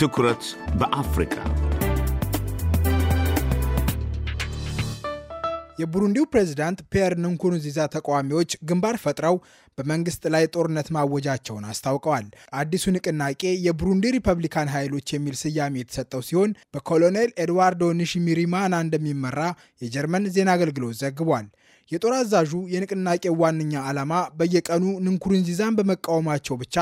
ትኩረት በአፍሪካ የቡሩንዲው ፕሬዝዳንት ፒየር ንንኩሩንዚዛ ተቃዋሚዎች ግንባር ፈጥረው በመንግስት ላይ ጦርነት ማወጃቸውን አስታውቀዋል። አዲሱ ንቅናቄ የቡሩንዲ ሪፐብሊካን ኃይሎች የሚል ስያሜ የተሰጠው ሲሆን በኮሎኔል ኤድዋርዶ ኒሽሚሪማና እንደሚመራ የጀርመን ዜና አገልግሎት ዘግቧል። የጦር አዛዡ የንቅናቄው ዋነኛ ዓላማ በየቀኑ ንንኩሩንዚዛን በመቃወማቸው ብቻ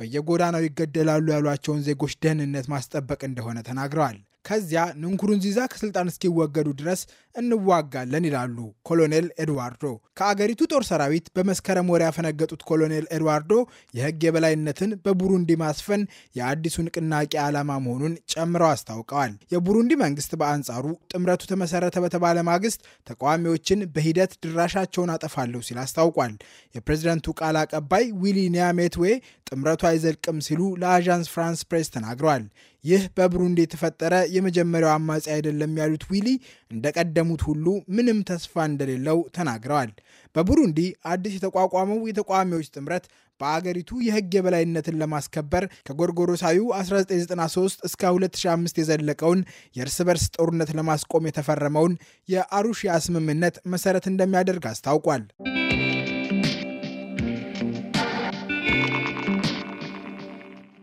በየጎዳናው ይገደላሉ ያሏቸውን ዜጎች ደህንነት ማስጠበቅ እንደሆነ ተናግረዋል። ከዚያ ንንኩሩንዚዛ ከስልጣን እስኪወገዱ ድረስ እንዋጋለን ይላሉ ኮሎኔል ኤድዋርዶ። ከአገሪቱ ጦር ሰራዊት በመስከረም ወር ያፈነገጡት ኮሎኔል ኤድዋርዶ የህግ የበላይነትን በቡሩንዲ ማስፈን የአዲሱ ንቅናቄ ዓላማ መሆኑን ጨምረው አስታውቀዋል። የቡሩንዲ መንግስት በአንጻሩ ጥምረቱ ተመሰረተ በተባለ ማግስት ተቃዋሚዎችን በሂደት ድራሻቸውን አጠፋለሁ ሲል አስታውቋል። የፕሬዝደንቱ ቃል አቀባይ ዊሊ ኒያሜትዌ ጥምረቱ አይዘልቅም ሲሉ ለአዣንስ ፍራንስ ፕሬስ ተናግረዋል። ይህ በቡሩንዲ የተፈጠረ የመጀመሪያው አማጺ አይደለም ያሉት ዊሊ እንደቀደሙት ሁሉ ምንም ተስፋ እንደሌለው ተናግረዋል። በቡሩንዲ አዲስ የተቋቋመው የተቃዋሚዎች ጥምረት በአገሪቱ የህግ የበላይነትን ለማስከበር ከጎርጎሮሳዩ 1993 እስከ 2005 የዘለቀውን የእርስ በርስ ጦርነት ለማስቆም የተፈረመውን የአሩሺያ ስምምነት መሰረት እንደሚያደርግ አስታውቋል።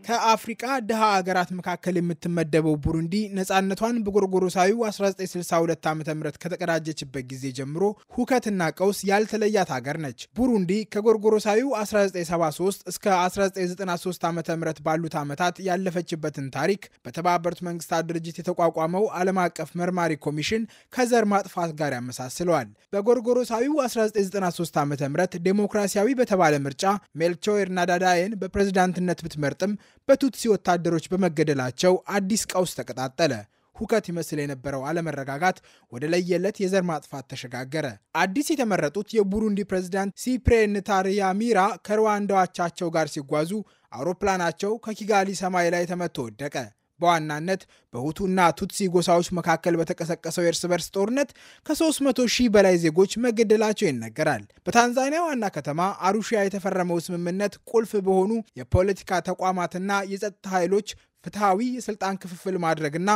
ከአፍሪቃ ድሃ አገራት መካከል የምትመደበው ቡሩንዲ ነፃነቷን በጎርጎሮሳዊው 1962 ዓ ም ከተቀዳጀችበት ጊዜ ጀምሮ ሁከትና ቀውስ ያልተለያት ሀገር ነች። ቡሩንዲ ከጎርጎሮሳዊ 1973 እስከ 1993 ዓ ም ባሉት ዓመታት ያለፈችበትን ታሪክ በተባበሩት መንግስታት ድርጅት የተቋቋመው ዓለም አቀፍ መርማሪ ኮሚሽን ከዘር ማጥፋት ጋር ያመሳስለዋል። በጎርጎሮሳዊው 1993 ዓ ም ዴሞክራሲያዊ በተባለ ምርጫ ሜልቾር ናዳዳየን በፕሬዝዳንትነት ብትመርጥም በቱትሲ ወታደሮች በመገደላቸው አዲስ ቀውስ ተቀጣጠለ። ሁከት ይመስል የነበረው አለመረጋጋት ወደ ለየለት የዘር ማጥፋት ተሸጋገረ። አዲስ የተመረጡት የቡሩንዲ ፕሬዝዳንት ሲፕሬ ሚራ ከሩዋንዳዎቻቸው ጋር ሲጓዙ አውሮፕላናቸው ከኪጋሊ ሰማይ ላይ ተመቶ ወደቀ። በዋናነት በሁቱና ቱትሲ ጎሳዎች መካከል በተቀሰቀሰው የእርስ በርስ ጦርነት ከ300 ሺህ በላይ ዜጎች መገደላቸው ይነገራል። በታንዛኒያ ዋና ከተማ አሩሺያ የተፈረመው ስምምነት ቁልፍ በሆኑ የፖለቲካ ተቋማትና የጸጥታ ኃይሎች ፍትሐዊ የስልጣን ክፍፍል ማድረግና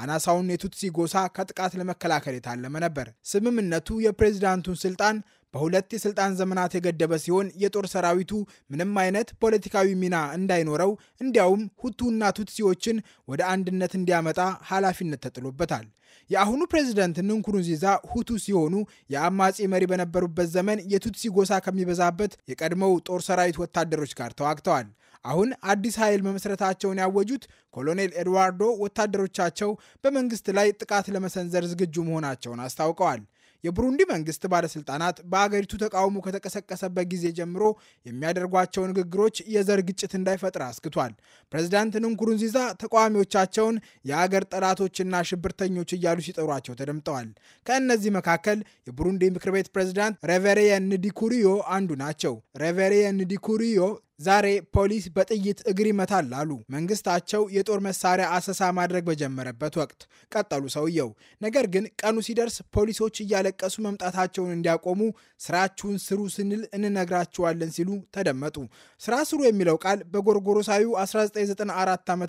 አናሳውን የቱትሲ ጎሳ ከጥቃት ለመከላከል የታለመ ነበር። ስምምነቱ የፕሬዝዳንቱን ስልጣን በሁለት የስልጣን ዘመናት የገደበ ሲሆን የጦር ሰራዊቱ ምንም አይነት ፖለቲካዊ ሚና እንዳይኖረው እንዲያውም ሁቱና ቱትሲዎችን ወደ አንድነት እንዲያመጣ ኃላፊነት ተጥሎበታል። የአሁኑ ፕሬዝደንት ንንኩሩንዚዛ ሁቱ ሲሆኑ የአማጺ መሪ በነበሩበት ዘመን የቱትሲ ጎሳ ከሚበዛበት የቀድሞው ጦር ሰራዊት ወታደሮች ጋር ተዋግተዋል። አሁን አዲስ ኃይል መመስረታቸውን ያወጁት ኮሎኔል ኤድዋርዶ ወታደሮቻቸው በመንግስት ላይ ጥቃት ለመሰንዘር ዝግጁ መሆናቸውን አስታውቀዋል። የቡሩንዲ መንግስት ባለስልጣናት በአገሪቱ ተቃውሞ ከተቀሰቀሰበት ጊዜ ጀምሮ የሚያደርጓቸው ንግግሮች የዘር ግጭት እንዳይፈጥር አስግቷል። ፕሬዚዳንት ንንኩሩንዚዛ ተቃዋሚዎቻቸውን የአገር ጠላቶችና ሽብርተኞች እያሉ ሲጠሯቸው ተደምጠዋል። ከእነዚህ መካከል የቡሩንዲ ምክር ቤት ፕሬዚዳንት ሬቨሬየን ዲኩሪዮ አንዱ ናቸው። ሬቨሬየን ዲኩሪዮ ዛሬ ፖሊስ በጥይት እግር ይመታል አሉ መንግስታቸው የጦር መሳሪያ አሰሳ ማድረግ በጀመረበት ወቅት ቀጠሉ ሰውየው። ነገር ግን ቀኑ ሲደርስ ፖሊሶች እያለቀሱ መምጣታቸውን እንዲያቆሙ ስራችሁን ስሩ ስንል እንነግራችኋለን ሲሉ ተደመጡ። ስራ ስሩ የሚለው ቃል በጎርጎሮሳዊ 1994 ዓ ም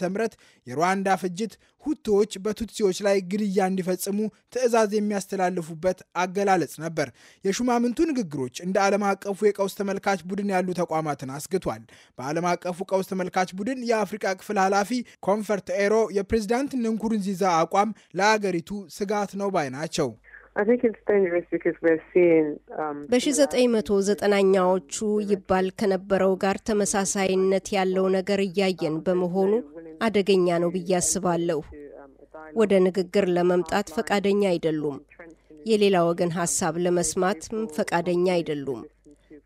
የሩዋንዳ ፍጅት ሁቶዎች በቱትሲዎች ላይ ግድያ እንዲፈጽሙ ትዕዛዝ የሚያስተላልፉበት አገላለጽ ነበር። የሹማምንቱ ንግግሮች እንደ ዓለም አቀፉ የቀውስ ተመልካች ቡድን ያሉ ተቋማትን አስግቷል። ተናግረዋል። በዓለም አቀፉ ቀውስ ተመልካች ቡድን የአፍሪቃ ክፍል ኃላፊ ኮንፈርት ኤሮ የፕሬዚዳንት ንንኩሩንዚዛ አቋም ለአገሪቱ ስጋት ነው ባይ ናቸው። um, በ1990ዎቹ ይባል ከነበረው ጋር ተመሳሳይነት ያለው ነገር እያየን በመሆኑ አደገኛ ነው ብዬ አስባለሁ። ወደ ንግግር ለመምጣት ፈቃደኛ አይደሉም። የሌላ ወገን ሀሳብ ለመስማት ፈቃደኛ አይደሉም።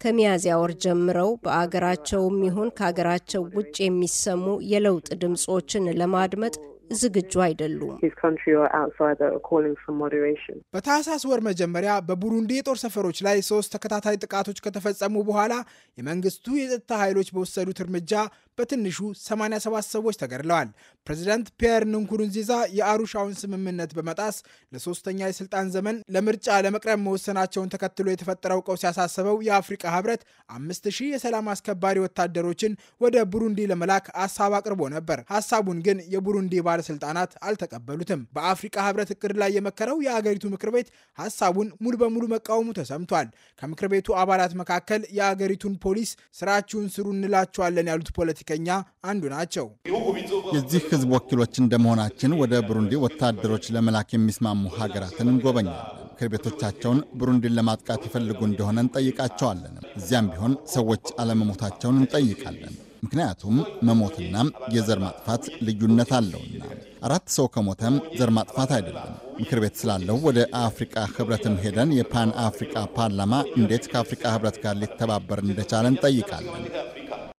ከሚያዝያ ወር ጀምረው በአገራቸውም ይሁን ከአገራቸው ውጭ የሚሰሙ የለውጥ ድምፆችን ለማድመጥ ዝግጁ አይደሉም። በታህሳስ ወር መጀመሪያ በቡሩንዲ የጦር ሰፈሮች ላይ ሶስት ተከታታይ ጥቃቶች ከተፈጸሙ በኋላ የመንግስቱ የጸጥታ ኃይሎች በወሰዱት እርምጃ በትንሹ 87 ሰዎች ተገድለዋል። ፕሬዚዳንት ፒየር ንንኩሩንዚዛ የአሩሻውን ስምምነት በመጣስ ለሶስተኛ የስልጣን ዘመን ለምርጫ ለመቅረብ መወሰናቸውን ተከትሎ የተፈጠረው ቀውስ ያሳሰበው የአፍሪቃ ህብረት አምስት ሺህ የሰላም አስከባሪ ወታደሮችን ወደ ቡሩንዲ ለመላክ ሀሳብ አቅርቦ ነበር። ሀሳቡን ግን የቡሩንዲ ባለስልጣናት አልተቀበሉትም። በአፍሪቃ ህብረት እቅድ ላይ የመከረው የአገሪቱ ምክር ቤት ሀሳቡን ሙሉ በሙሉ መቃወሙ ተሰምቷል። ከምክር ቤቱ አባላት መካከል የአገሪቱን ፖሊስ ስራችሁን ስሩ እንላችኋለን ያሉት ፖለቲካ ፖለቲከኛ አንዱ ናቸው። የዚህ ህዝብ ወኪሎች እንደመሆናችን ወደ ብሩንዲ ወታደሮች ለመላክ የሚስማሙ ሀገራትን እንጎበኛለን። ምክር ቤቶቻቸውን ብሩንዲን ለማጥቃት ይፈልጉ እንደሆነ እንጠይቃቸዋለን። እዚያም ቢሆን ሰዎች አለመሞታቸውን እንጠይቃለን። ምክንያቱም መሞትና የዘር ማጥፋት ልዩነት አለውና አራት ሰው ከሞተም ዘር ማጥፋት አይደለም። ምክር ቤት ስላለው ወደ አፍሪቃ ህብረትም ሄደን የፓን አፍሪቃ ፓርላማ እንዴት ከአፍሪቃ ህብረት ጋር ሊተባበር እንደቻለ እንጠይቃለን።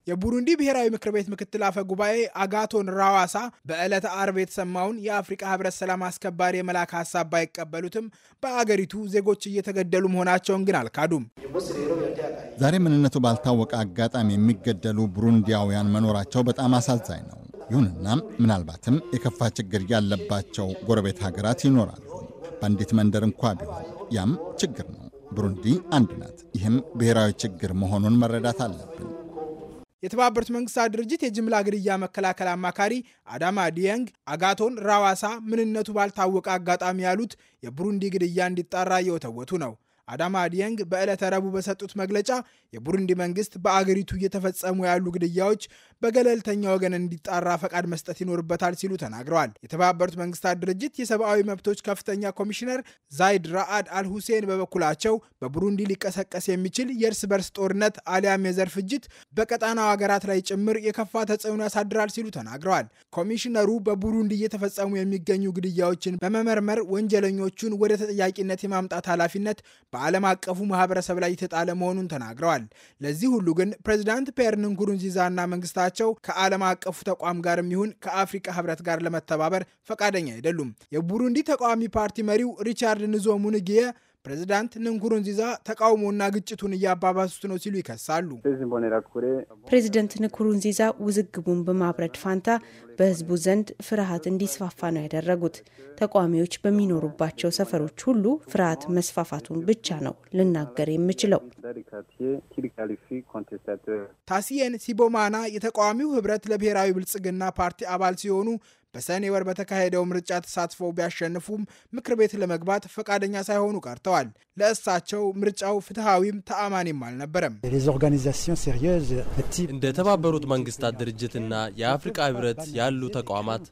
የቡሩንዲ ብሔራዊ ምክር ቤት ምክትል አፈ ጉባኤ አጋቶን ራዋሳ በዕለተ አርብ የተሰማውን የአፍሪቃ ህብረት ሰላም አስከባሪ የመላክ ሀሳብ ባይቀበሉትም በአገሪቱ ዜጎች እየተገደሉ መሆናቸውን ግን አልካዱም። ዛሬ ምንነቱ ባልታወቀ አጋጣሚ የሚገደሉ ቡሩንዲያውያን መኖራቸው በጣም አሳዛኝ ነው። ይሁንና ምናልባትም የከፋ ችግር ያለባቸው ጎረቤት ሀገራት ይኖራሉ። በአንዲት መንደር እንኳ ቢሆን ያም ችግር ነው። ቡሩንዲ አንድ ናት። ይህም ብሔራዊ ችግር መሆኑን መረዳት አለብን። የተባበሩት መንግስታት ድርጅት የጅምላ ግድያ መከላከል አማካሪ አዳማ ዲየንግ አጋቶን ራዋሳ ምንነቱ ባልታወቀ አጋጣሚ ያሉት የቡሩንዲ ግድያ እንዲጣራ እየወተወቱ ነው። አዳማ ዲየንግ በዕለተ ረቡዕ በሰጡት መግለጫ የቡሩንዲ መንግስት በአገሪቱ እየተፈጸሙ ያሉ ግድያዎች በገለልተኛ ወገን እንዲጣራ ፈቃድ መስጠት ይኖርበታል ሲሉ ተናግረዋል። የተባበሩት መንግስታት ድርጅት የሰብአዊ መብቶች ከፍተኛ ኮሚሽነር ዛይድ ራአድ አልሁሴን በበኩላቸው በቡሩንዲ ሊቀሰቀስ የሚችል የእርስ በርስ ጦርነት አሊያም የዘር ፍጅት በቀጣናው ሀገራት ላይ ጭምር የከፋ ተጽዕኖ ያሳድራል ሲሉ ተናግረዋል። ኮሚሽነሩ በቡሩንዲ እየተፈጸሙ የሚገኙ ግድያዎችን በመመርመር ወንጀለኞቹን ወደ ተጠያቂነት የማምጣት ኃላፊነት በ በዓለም አቀፉ ማህበረሰብ ላይ የተጣለ መሆኑን ተናግረዋል። ለዚህ ሁሉ ግን ፕሬዚዳንት ፔየር ንኩሩንዚዛና መንግስታቸው ከዓለም አቀፉ ተቋም ጋር የሚሆን ከአፍሪቃ ህብረት ጋር ለመተባበር ፈቃደኛ አይደሉም። የቡሩንዲ ተቃዋሚ ፓርቲ መሪው ሪቻርድ ንዞ ፕሬዚዳንት ዚዛ ተቃውሞና ግጭቱን እያባባሱት ነው ሲሉ ይከሳሉ። ፕሬዚደንት ንኩሩንዚዛ ውዝግቡን በማብረድ ፋንታ በህዝቡ ዘንድ ፍርሃት እንዲስፋፋ ነው ያደረጉት። ተቃዋሚዎች በሚኖሩባቸው ሰፈሮች ሁሉ ፍርሃት መስፋፋቱን ብቻ ነው ልናገር የምችለው። ታሲየን ሲቦማና የተቃዋሚው ህብረት ለብሔራዊ ብልጽግና ፓርቲ አባል ሲሆኑ በሰኔ ወር በተካሄደው ምርጫ ተሳትፈው ቢያሸንፉም ምክር ቤት ለመግባት ፈቃደኛ ሳይሆኑ ቀርተዋል። ለእሳቸው ምርጫው ፍትሐዊም ተአማኒም አልነበረም። እንደ ተባበሩት መንግስታት ድርጅትና የአፍሪቃ ህብረት ያሉ ተቋማት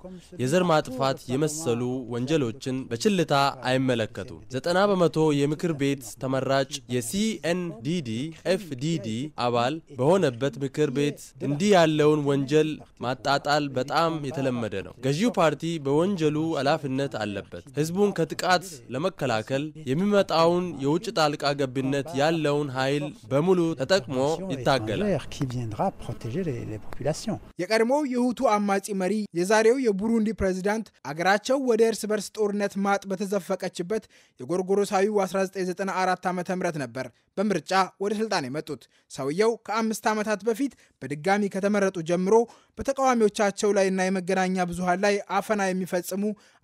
የዘር ማጥፋት የመሰሉ ወንጀሎችን በችልታ አይመለከቱም። ዘጠና በመቶ የምክር ቤት ተመራጭ የሲኤንዲዲ ኤፍዲዲ አባል በሆነበት ምክር ቤት እንዲህ ያለውን ወንጀል ማጣጣል በጣም የተለመደ ነው። ገዢው ፓርቲ በወንጀሉ ኃላፊነት አለበት። ህዝቡን ከጥቃት ለመከላከል የሚመጣውን የውጭ ጣልቃ ገብነት ያለውን ኃይል በሙሉ ተጠቅሞ ይታገላል። የቀድሞው የሁቱ አማጺ መሪ የዛሬው የቡሩንዲ ፕሬዚዳንት አገራቸው ወደ እርስ በርስ ጦርነት ማጥ በተዘፈቀችበት የጎርጎሮሳዊ 1994 ዓ ም ነበር በምርጫ ወደ ስልጣን የመጡት። ሰውየው ከአምስት ዓመታት በፊት በድጋሚ ከተመረጡ ጀምሮ በተቃዋሚዎቻቸው እና የመገናኛ ብዙሃን ንጹሐን ላይ አፈና የሚፈጽሙ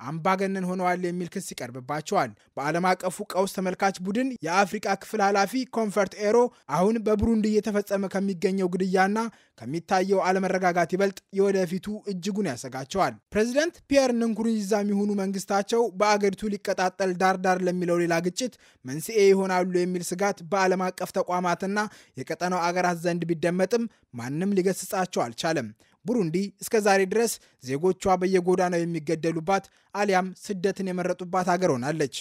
አምባገነን ሆነዋል የሚል ክስ ይቀርብባቸዋል። በዓለም አቀፉ ቀውስ ተመልካች ቡድን የአፍሪቃ ክፍል ኃላፊ ኮንፈርት ኤሮ አሁን በቡሩንዲ እየተፈጸመ ከሚገኘው ግድያና ከሚታየው አለመረጋጋት ይበልጥ የወደፊቱ እጅጉን ያሰጋቸዋል። ፕሬዚደንት ፒየር ንንኩሩንዚዛ የሚሆኑ መንግስታቸው በአገሪቱ ሊቀጣጠል ዳርዳር ለሚለው ሌላ ግጭት መንስኤ ይሆናሉ የሚል ስጋት በዓለም አቀፍ ተቋማትና የቀጠናው አገራት ዘንድ ቢደመጥም ማንም ሊገስጻቸው አልቻለም። ቡሩንዲ እስከ ዛሬ ድረስ ዜጎቿ በየጎዳናው የሚገደሉባት አሊያም ስደትን የመረጡባት አገር ሆናለች።